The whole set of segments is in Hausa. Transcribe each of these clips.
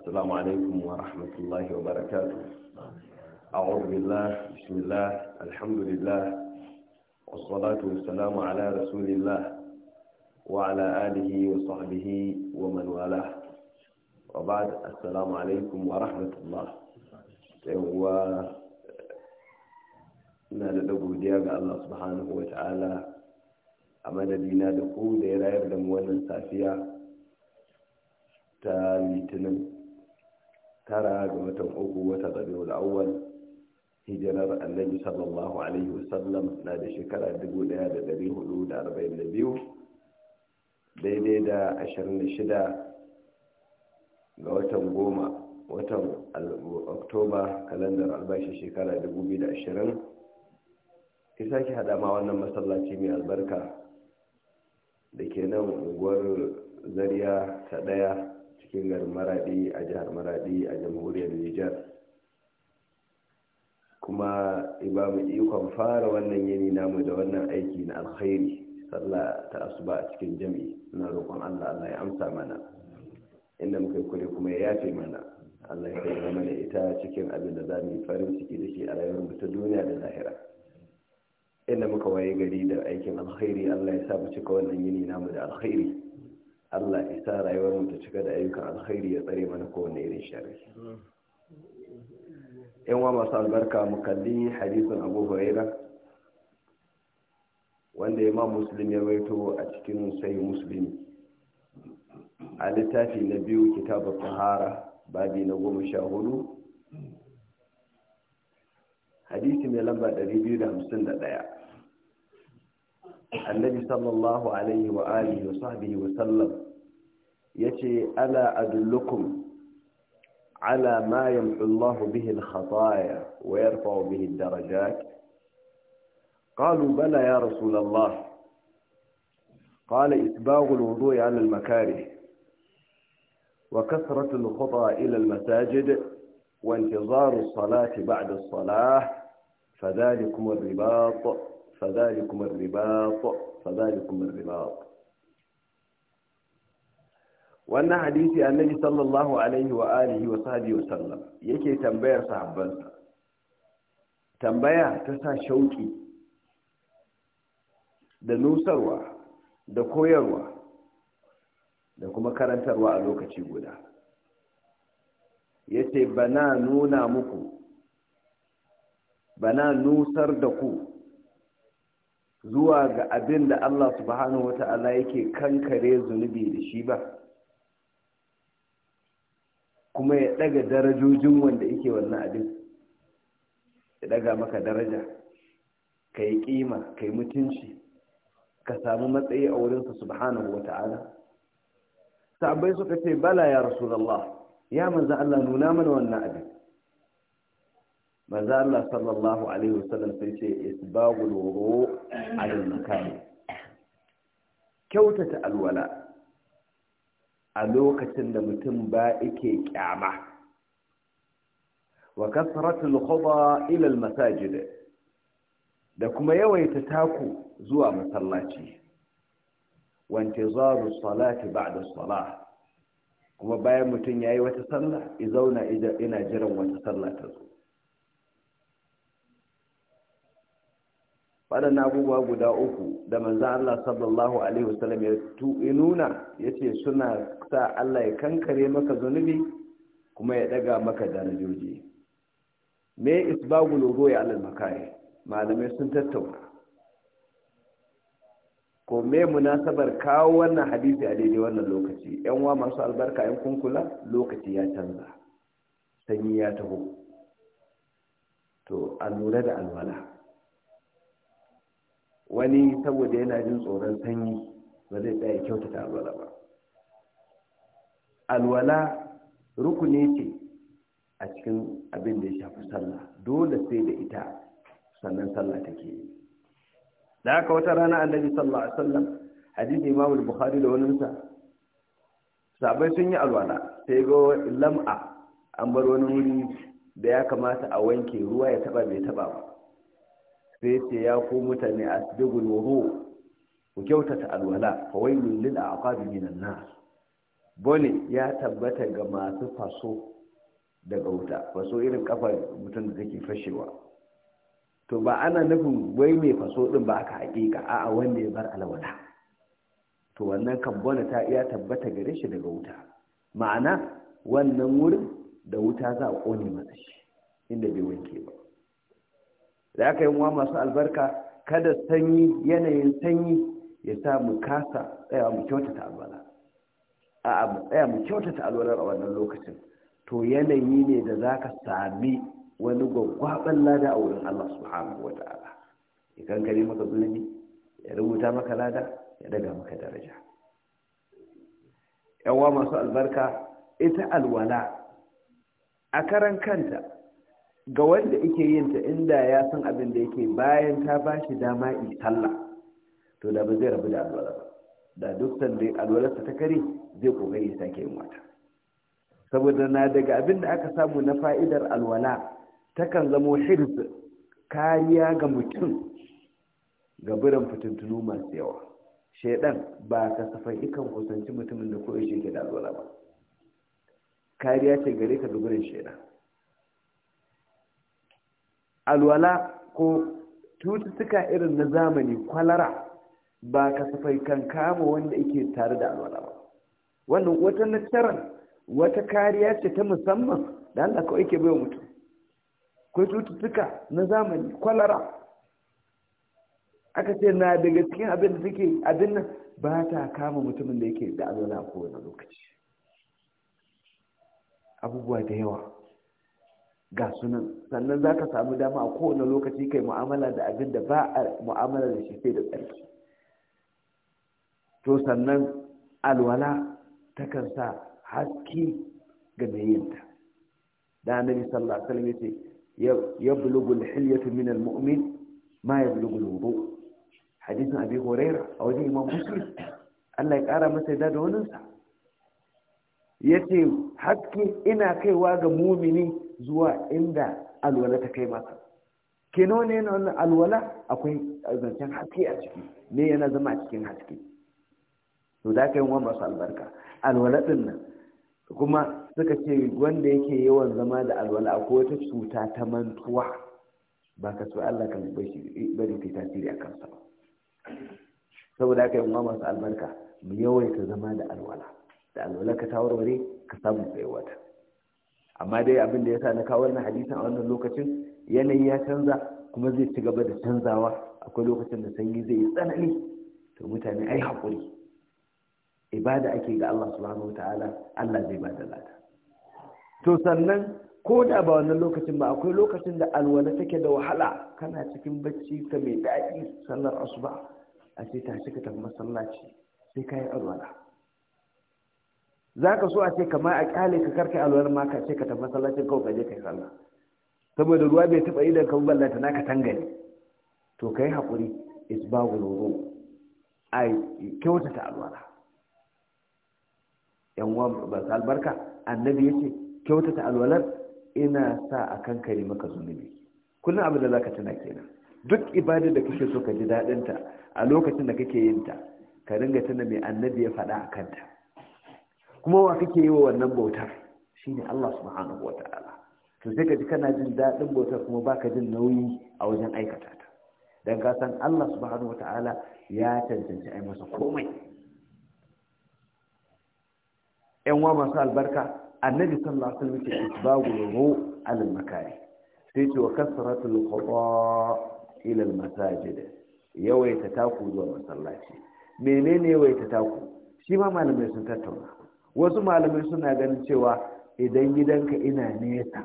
السلام عليكم ورحمة الله وبركاته أعوذ بالله بسم الله الحمد لله والصلاة والسلام على رسول الله وعلى آله وصحبه ومن والاه وبعد السلام عليكم ورحمة الله و na da godiya ga Allah subhanahu wa ta'ala a madadina da ku da ya rayar da mu wannan safiya ta litinin tara ga watan uku wata rabiul awwal hijirar annabi sallallahu alaihi wasallam na da shekara 1442 daidai da 26 ga watan goma watan oktoba kalandar albashi shekara 2020 ki sake hada ma wannan masallaci mai albarka da ke nan unguwar zariya ta daya cikin garin maradi a jihar maradi a jamhuriyar nijar kuma iba mu ikon fara wannan yini namu da wannan aiki na alkhairi sallah ta asuba a cikin jami'i na roƙon allah allah ya amsa mana inda muka yi kure kuma ya yafe mana allah ya kai mana ita cikin abin da za mu yi farin ciki da shi a rayuwar ta duniya da lahira inda muka waye gari da aikin alkhairi allah ya sa mu cika wannan yini namu da alkhairi Allah ya sa rayuwar mu ta cika da ayyukan alkhairi ya tsare mana kowanne irin sharri yan wa masu albarka mu kalli hadisin Abu Huraira wanda Imam Muslim ya rawaito a cikin Sahih Muslim a littafi na biyu kitabu tahara babi na goma sha hudu hadisi mai lamba 251 النبي صلى الله عليه وآله وصحبه وسلم يتي ألا أدلكم على ما يمحو الله به الخطايا ويرفع به الدرجات قالوا بلى يا رسول الله قال إسباغ الوضوء على المكاره وكثرة الخطى إلى المساجد وانتظار الصلاة بعد الصلاة فذلكم الرباط فذلكم الرباط فذلكم الرباط wannan hadisi annabi sallallahu alaihi wa alihi wa sahbihi wa sallam yake tambayar sahabbansa tambaya ta sa shauki da nusarwa da koyarwa da kuma karantarwa a lokaci guda yace bana nuna muku bana nusar da ku zuwa ga abin da Allah subhanahu wa ta'ala yake kankare zunubi da shi ba kuma ya daga darajojin wanda yake wannan abin ya daga maka daraja ka yi kima ka yi mutunci ka samu matsayi a wurinsa subhanahu wa ta'ala sabai suka ce bala ya rasulallah ya manzan Allah nuna mana wannan abin manzo Allah sallallahu alaihi wasallam sai ce isbagul wudu ala makani kyautata alwala a lokacin da mutum ba yake kyama wa kasratul khuda ila al da kuma yawaita taku zuwa masallaci wa intizaru salati ba'da salah kuma bayan mutum yayi wata sallah i zauna ina jiran wata sallah ta zo waɗannan abubuwa guda uku da manzan Allah sallallahu Alaihi wasallam ya nuna ya ce suna sa Allah ya kankare maka zunubi kuma ya ɗaga maka darajoji me isbagul ruwa ya makari malamai sun tattauna ko me munasabar kawo wannan hadisi a daidai wannan lokaci yan wa masu albarka yan kunkula lokaci ya canza sanyi ya taho to a lura da alwala wani saboda yana jin tsoron sanyi ba zai tsaya kyautata alwala ba alwala rukuni ce a cikin abin da ya shafi sallah dole sai da ita sannan sallah take yi da haka wata rana annabi sallallahu alaihi wasallam hadisi imamu al-bukhari da wani sa sabai sun yi alwala sai ga lam'a an bar wani wuri da ya kamata a wanke ruwa ya taba bai taba ba sai ce ya ku mutane asbigul wudu ku kyautata alwala fa waylun lil aqabi minan nar bone ya tabbata ga masu faso daga wuta faso irin kafar mutum da take fashewa to ba ana nufin wai mai faso din ba aka hakika a'a wanda ya bar alwala to wannan kan bone ta iya tabbata gare shi daga wuta ma'ana wannan wurin da wuta za a kone masa shi inda bai wanke ba da aka yi masu albarka kada sanyi yanayin sanyi ya sa mu kasa tsaya mu kyautata alwala a mu tsaya mu kyautata a wannan lokacin to yanayi ne da za ka sami wani gwaggwaɓar lada a wurin Allah subhanahu wa ta'ala ya kankare maka zunubi ya rubuta maka lada ya daga maka daraja yawa masu albarka ita alwala a karan kanta ga wanda yake yin ta inda ya san abin da yake bayan ta ba shi dama yi talla, to da ba zai rabu da alwala ba da duk sanda alwalarsa ta kare zai kokari ya sake yin wata saboda na daga abin da aka samu na fa'idar alwala takan zamo hirs kariya ga mutum ga biran fitintunu masu yawa shaidan ba kasafai ikan kusanci mutumin da koyaushe ke da alwala ba kariya ce gare ka ga shaidan alwala ko cututtuka irin na zamani kwalara ba kasafai kan kama wanda yake tare da alwala ba wannan wata nasarar wata kariya ce ta musamman da Allah kawai ke bai mutum ko cututtuka na zamani kwalara aka ce na daga cikin abin da suke abin nan ba ta kama mutumin da yake da alwala ko wani lokaci abubuwa da yawa ga sunan sannan za ka samu dama a kowane lokaci kai mu'amala da abin da ba a mu'amala da shi sai da tsarki to sannan alwala takan sa haske ga mai da annabi sallallahu alaihi wasallam yace ya al-hilyatu min al-mu'min ma bulugu al-wudu hadisin abi hurairah a wajen imam muslim Allah ya kara masa da da wannan sa yace haske ina kaiwa ga mumini zuwa inda alwala ta kai masa ke ne na wannan alwala akwai zancen haske a ciki ne yana zama a cikin haske to da kai wani masu albarka alwala din nan kuma suka ce wanda yake yawan zama da alwala akwai wata cuta ta mantuwa ba ka so Allah kan bari ta tasiri a kansa ba saboda haka wani masu albarka mu yawaita zama da alwala da alwala ka ta warware ka samu tsayuwa ta amma dai abin da ya sa na kawo wannan hadisin a wannan lokacin yanayi ya canza kuma zai ci gaba da canzawa akwai lokacin da sanyi zai yi tsanani to mutane ai haƙuri ibada ake ga Allah subhanahu ta'ala Allah zai bada lada to sannan ko da ba wannan lokacin ba akwai lokacin da alwala take da wahala kana cikin bacci ka mai daɗi sallar asuba a ce ta ka tafi masallaci sai ka yi alwala za ka so a ce kamar a kyale ka karka alwar ma ka ce ka tafi masallacin kawai ka je ka yi sallah saboda ruwa bai taɓa idan ka ballata na ka tangale to ka yi haƙuri isbahu loro a kyautata alwala yan uwa ba su albarka annabi ya ce kyautata alwalar ina sa a kare maka zunubi kullum abin da za ka tuna kenan duk ibadar da kake so ka ji daɗinta a lokacin da kake yin ta ka ringa tuna mai annabi ya faɗa a kanta kuma wa kake yi wa wannan bautar Shi ne Allah subhanahu ta'ala. to sai ka ji kana jin daɗin bautar kuma baka jin nauyi a wajen aikata ta dan ka san Allah subhanahu wataala ya cancanci ai masa komai yan masu albarka annabi sallallahu alaihi wasallam yake isbagu ruhu al makari sai ce wa kasratul khata ila al masajid yawaita taku zuwa masallaci menene yawaita taku shi ma malamai sun tattauna wasu malamai suna ganin cewa idan gidanka ina nesa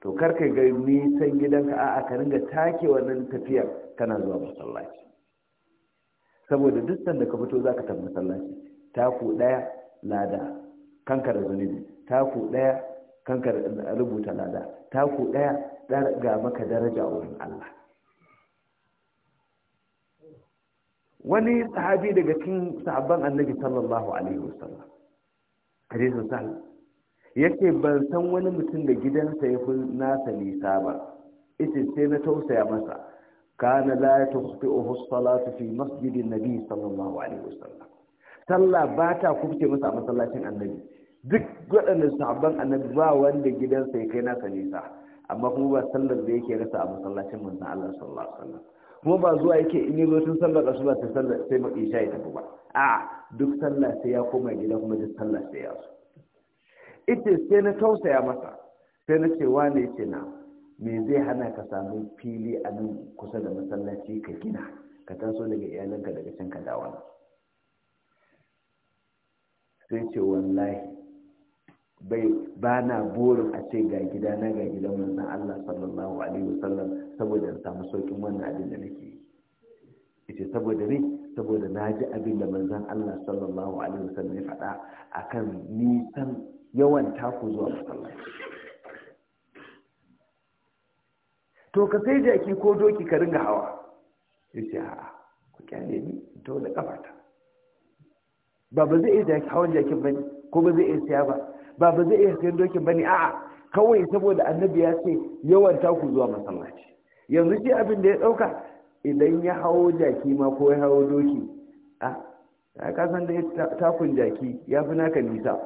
to karka ga nisan gidanka a'a ka ringa take wannan tafiyar kana zuwa masallaci saboda duk sanda ka fito zaka tafi masallaci taku daya lada kanka da zunubi taku daya kanka rubuta lada taku daya ga maka daraja wurin Allah wani sahabi daga cikin sahabban annabi sallallahu alaihi wasallam hadisi sal yake ban san wani mutum da gidansa ya fi nasa nisa ba ita sai na tausaya masa kana la tukhti'uhu as-salatu fi an nabi sallallahu alaihi wasallam sallah ba ta kubce masa a masallacin annabi duk waɗannan sahabban annabi ba wanda gidansa ya kai nasa nisa amma kuma ba sallar da yake rasa a masallacin manzon Allah sallallahu alaihi wasallam kuma ba zuwa yake in yi tun sallar asuba ta sallar sai ma isha ya tafi ba a duk sallah sai ya koma gida kuma duk sallah sai ya so ita sai na tausaya masa sai na ce wane ce na me zai hana ka samu fili a nan kusa da masallaci ka gina ka taso daga iyalanka daga can ka dawo na. sai ce wallahi bai ba na burin a ce ga gida na ga gidan wannan Allah sallallahu alaihi wasallam saboda in samu saukin wannan abin da nake yi ita saboda ne saboda na ji abin da manzon Allah sallallahu alaihi wasallam ya faɗa akan nisan yawan taku zuwa masallaci to ka sai jaki ko doki ka ringa hawa yace a'a ku kyale ni to da kafata ba ba zai iya hawan jakin bane ko ba zai iya siya ba ba ba zai iya sayan dokin bane a'a kawai saboda annabi ya ce yawan taku zuwa masallaci yanzu shi abin da ya ɗauka idan ya hawo jaki ma ko ya hawo doki a ka san da takun jaki ya fi naka nisa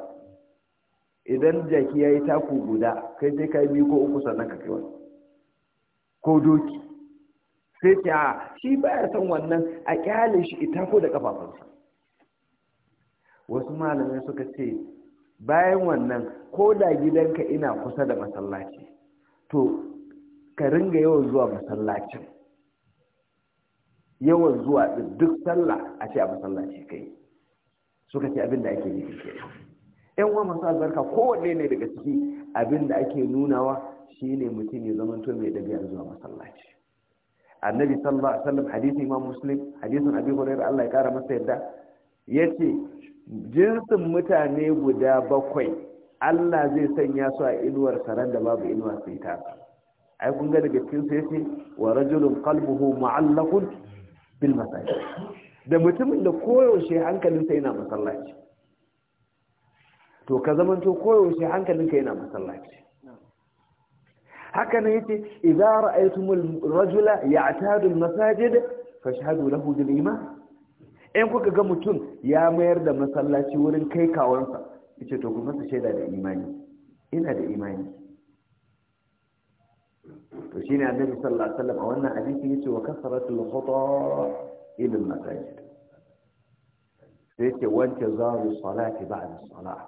idan jaki ya yi taku guda kai sai ka biyu ko uku sannan ka kai wani ko doki sai ce a shi baya son wannan a kyale shi ita ko da kafafunsa wasu malamai suka ce bayan wannan ko da gidanka ina kusa da masallaci to ka ringa yawan zuwa masallacin yawan zuwa duk sallah a ce a masallaci kai suka ce abin da ake nufi ke yan uwa masu albarka kowanne ne daga ciki abin da ake nunawa shine mutum ya zamanto mai ɗabi'ar zuwa masallaci annabi sallallahu alaihi wasallam hadisin imam muslim hadisin abi hurairah Allah ya kara masa yadda yace jinsin mutane guda bakwai Allah zai sanya su a inuwar saran da babu inuwa sai ta ai kun ga daga cikin sai ce wa rajulun qalbuhu mu'allaqun bil masajid da mutumin da koyaushe hankalinsa yana masallaci to ka zamanto koyaushe hankalinka yana masallaci haka ne yace idza ra'aytumul rajula ya'tadu al masajid fashhadu lahu bil iman in kuka ga mutum ya mayar da masallaci wurin kai kawansa yace to ku masa shaida da imani ina da imani to shine annabi sallallahu alaihi wasallam a wannan hadisi yace wa al-khata ila al-masajid sai ce wanda zaru salati ba'da salah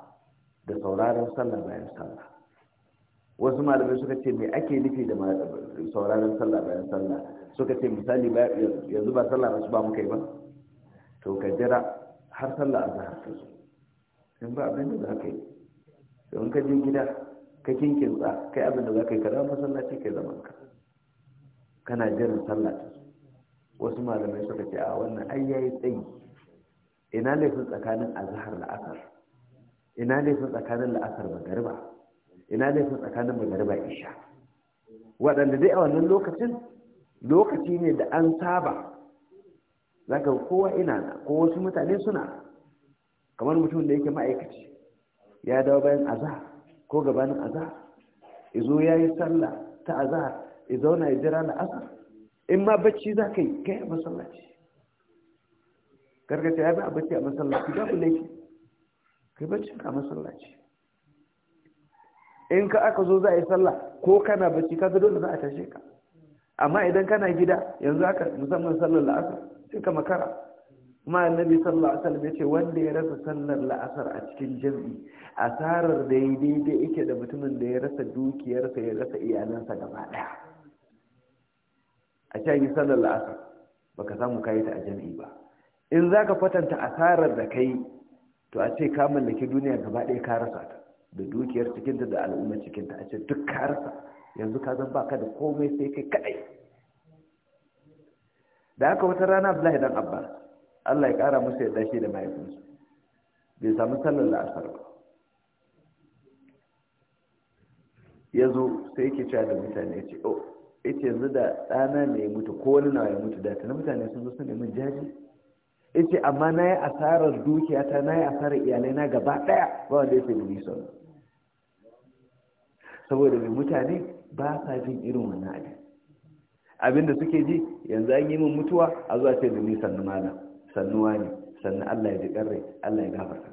da sauraron sallah bayan sallah wasu malamai suka ce me ake nufi da sauraron sallah bayan sallah suka ce misali yanzu ba sallah ba su ba muka yi ba to ka jira har sallah azhar ta zo in ba abin da za ka yi to in ka je gida ka kinkinsa kai abin da za ka yi ka zama masallaci kai zaman ka kana jiran sallah ta zo wasu malamai suka ce a wannan ai yayi tsayi ina laifin tsakanin azhar da asar ina laifin tsakanin la'asar magariba ina laifin tsakanin magariba isha waɗanda dai a wannan lokacin lokaci ne da an saba za kowa ina na ko wasu mutane suna kamar mutum da yake ma'aikaci ya dawo bayan azahar ko gabanin azahar izo ya yi sallah ta azahar izo na ya jira na asar in ma bacci za ka yi kai a masallaci gargata ya bi a bacci a masallaci babu laifi kai bacci a masallaci in ka aka zo za a yi sallah ko kana bacci ka ga dole za a tashe ka amma idan kana gida yanzu aka musamman sallar la'asar suka makara kuma annabi sallallahu alaihi wasallam yace wanda ya rasa sallar la'asar a cikin jami'i asarar da ya daidai yake da mutumin da ya rasa dukiyarsa ya rasa iyalansa gaba daya a cikin sallar la'asar baka samu kayi ta a jami'i ba in zaka fatanta asarar da kai to a ce ka mallaki duniya gaba daya ka rasa ta da dukiyar cikinta da al'ummar cikinta a ce duk ka rasa yanzu ka zan baka da komai sai kai kadai da aka wata rana abdullahi dan abbas allah ya kara musu yadda shi da mahaifinsu bai samu sallar la'asar ba ya zo sai yake cewa da mutane ya ce o oh, ita yanzu da ɗana ne ya mutu ko wani na ya mutu da tana mutane sun zo su nemi jaji ya ce amma na yi asarar dukiyata na yi asarar iyalai na gaba ɗaya ba wanda ya ce da son saboda mai mutane ba sa jin irin wannan abin Abin da suke ji yanzu an yi min mutuwa a zuwa ce da ni sannu mana sannuwa ne sannu Allah ya ji karre Allah ya gafarta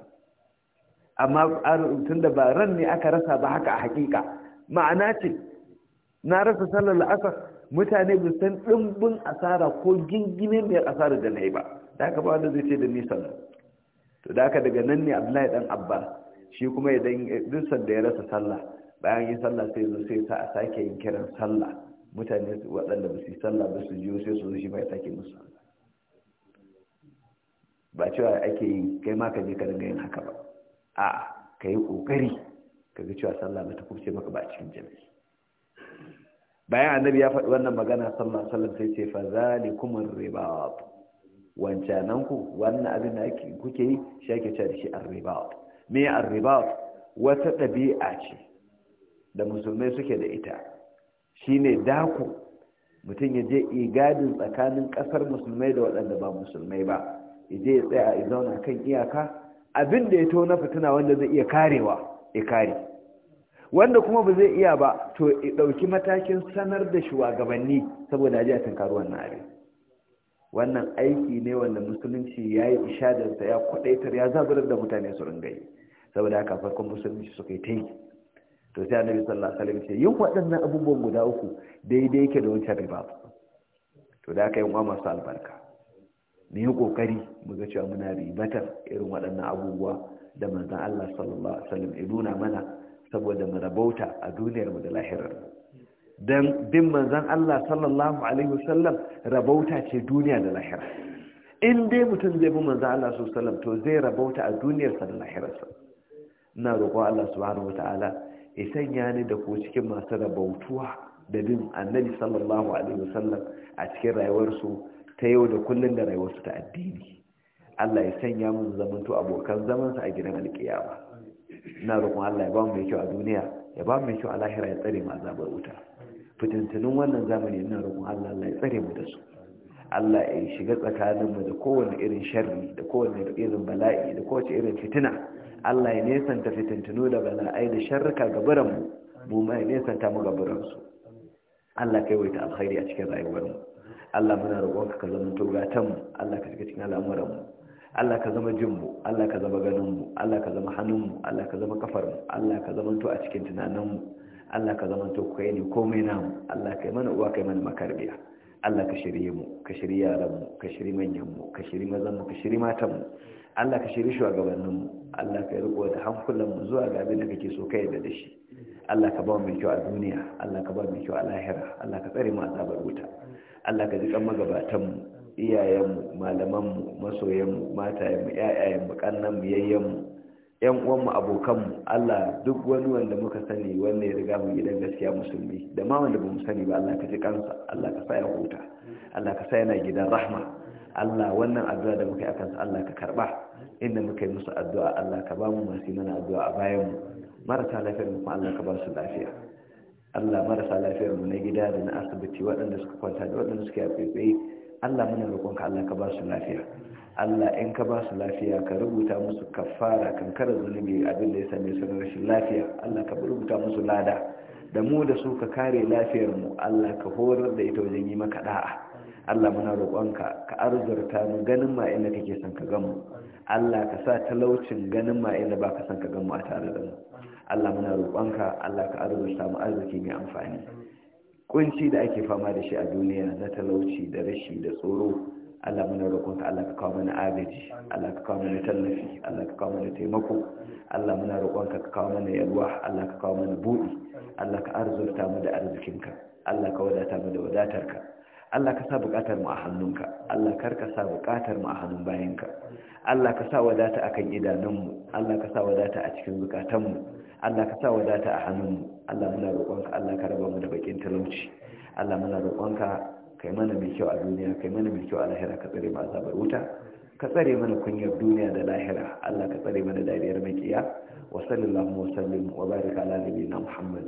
amma tun da ba ran ne aka rasa ba haka a hakika ma'ana ce na rasa sallar la'asar mutane ba san ɗimbin asara ko gingine mai asara da na yi ba da haka ba wanda zai ce da ni sannu to da haka daga nan ne abdullahi dan abbas shi kuma idan duk sanda ya rasa sallah bayan yin sallah sai zo sai sa a sake yin kiran sallah mutane su waɗanda ba su yi sallah ba su ji sai su zo shi mai sake musu sallah ba cewa ake yi kai ma ka je ka dinga yin haka ba a ka yi ƙoƙari ka ga cewa sallah ba ta kubce maka ba a cikin jami'i bayan annabi ya faɗi wannan magana sallah sallah sai ce fa zalikumur ribat wancanan ku wannan abin da kuke yi shi ake cewa shi ar-ribat me ar-ribat wata ɗabi'a ce da musulmai suke da ita shine daku mutum ya je igadin tsakanin kasar musulmai da waɗanda ba musulmai ba ya je ya tsaya a zauna kan iyaka abin da ya to na fitina wanda zai iya karewa ya kare wanda kuma ba zai iya ba to ya ɗauki matakin sanar da shugabanni saboda ajiya a karuwa wannan abin wannan aiki ne wanda musulunci ya yi ishadarsa ya kwaɗaitar ya zaburar da mutane su yi. saboda haka farkon musulunci suka yi ta yi to sai annabi sallallahu alaihi wasallam ce yin waɗannan abubuwan guda uku daidai yake da wancan riba to da aka yi wa masu albarka ne yi kokari mu ga cewa muna ribatar irin waɗannan abubuwa da manzon Allah sallallahu alaihi wasallam ya nuna mana saboda mu rabauta a duniyar mu da lahirar mu dan bin manzon Allah sallallahu alaihi wasallam rabauta ce duniya da lahira in dai mutum zai bi manzon Allah sallallahu alaihi wasallam to zai rabauta a duniyarsa da lahirarsa ina roƙon Allah subhanahu wataala ya sanya ni da ku cikin masu rabautuwa da bin annabi sallallahu alaihi wasallam a cikin rayuwarsu ta yau da kullun da rayuwarsu ta addini Allah ya sanya mu to abokan zamansa a gidan alkiyama ina roƙon Allah ya ba mu mai kyau a duniya ya ba mu mai kyau a lahira ya tsare mu azabar wuta fitintunin wannan zamani ina roƙon Allah Allah ya tsare mu da su Allah ya shiga tsakaninmu da kowane irin sharri da kowane irin bala'i da kowace irin fitina Allah ya nesanta fitintunu da bala'ai da sharrika ga biranmu mu ma ya nesanta mu ga su, Allah kai waita alkhairi a cikin rayuwarmu Allah muna roƙonka ka zama togatan mu Allah ka cika cikin al'amuran mu Allah ka zama jin mu Allah ka zama ganin mu Allah ka zama hannun mu Allah ka zama kafar mu Allah ka zama to a cikin tunaninmu, mu Allah ka zama to kai ne komai namu Allah kai mana uwa kai mana makarbiya Allah ka shirye mu ka shirye yaran mu ka shirye manyan ka shirye mazan ka shirye matan mu Allah ka shiri mu. Allah ka riko da mu zuwa ga abin da kake so kai da dashi Allah ka ba mu kyau a duniya Allah ka ba mu kyau a lahira Allah ka tsare mu azabar wuta Allah ka ji kan magabatanmu iyayenmu malamanmu masoyanmu matayenmu ƴaƴayenmu kannanmu yayyenmu ƴan uwanmu abokanmu Allah duk wani wanda muka sani wanda ya riga mu gidan gaskiya musulmi da ma wanda ba mu sani ba Allah ka ji kansa Allah ka sa ya huta Allah ka sa yana gidan rahma Allah wannan addu'a da muka yi akan su Allah ka karɓa inda muka yi musu addu'a Allah ka ba mu masu mana addu'a a bayan marasa lafiyar mu Allah ka ba su lafiya Allah marasa lafiyar mu na gida da na asibiti waɗanda suka kwanta da waɗanda suka yi a Allah muna roƙonka Allah ka ba su lafiya Allah in ka ba su lafiya ka rubuta musu kafara kankara zunubi abin da ya same su rashin lafiya Allah ka rubuta musu lada da mu da su ka kare lafiyar mu Allah ka horar da ita wajen yi maka da'a Allah muna roƙonka ka arzurta mu ganin ma inda kake son ka gamu Allah ka sa talaucin ganin ma inda baka son ka gamu a tare da mu Allah muna roƙonka Allah ka arzurta mu arziki mai amfani kunci da ake fama da shi a duniya na talauci da rashi da tsoro Allah muna roƙonka Allah ka kawo mana agaji Allah ka kawo mana tallafi Allah ka kawo mana taimako Allah muna roƙonka ka kawo mana yalwa Allah ka kawo mana buɗi Allah ka arzurta mu da arzikinka Allah ka wadata mu da wadatarka Allah ka sa buƙatar mu a hannunka Allah kar ka sa buƙatar mu a hannun bayanka Allah ka sa wadata akan idanunmu Allah ka sa wadata a cikin zukatanmu Allah ka sa wadata a hannunmu Allah muna roƙonka Allah ka raba mu da bakin talauci Allah muna roƙonka kai mana mai kyau a duniya kai mana mai kyau a lahira ka tsare mu azabar wuta ka tsare mana kunyar duniya da lahira Allah ka tsare mana dariyar makiya wa sallallahu wa sallim wa baraka ala nabiyina Muhammad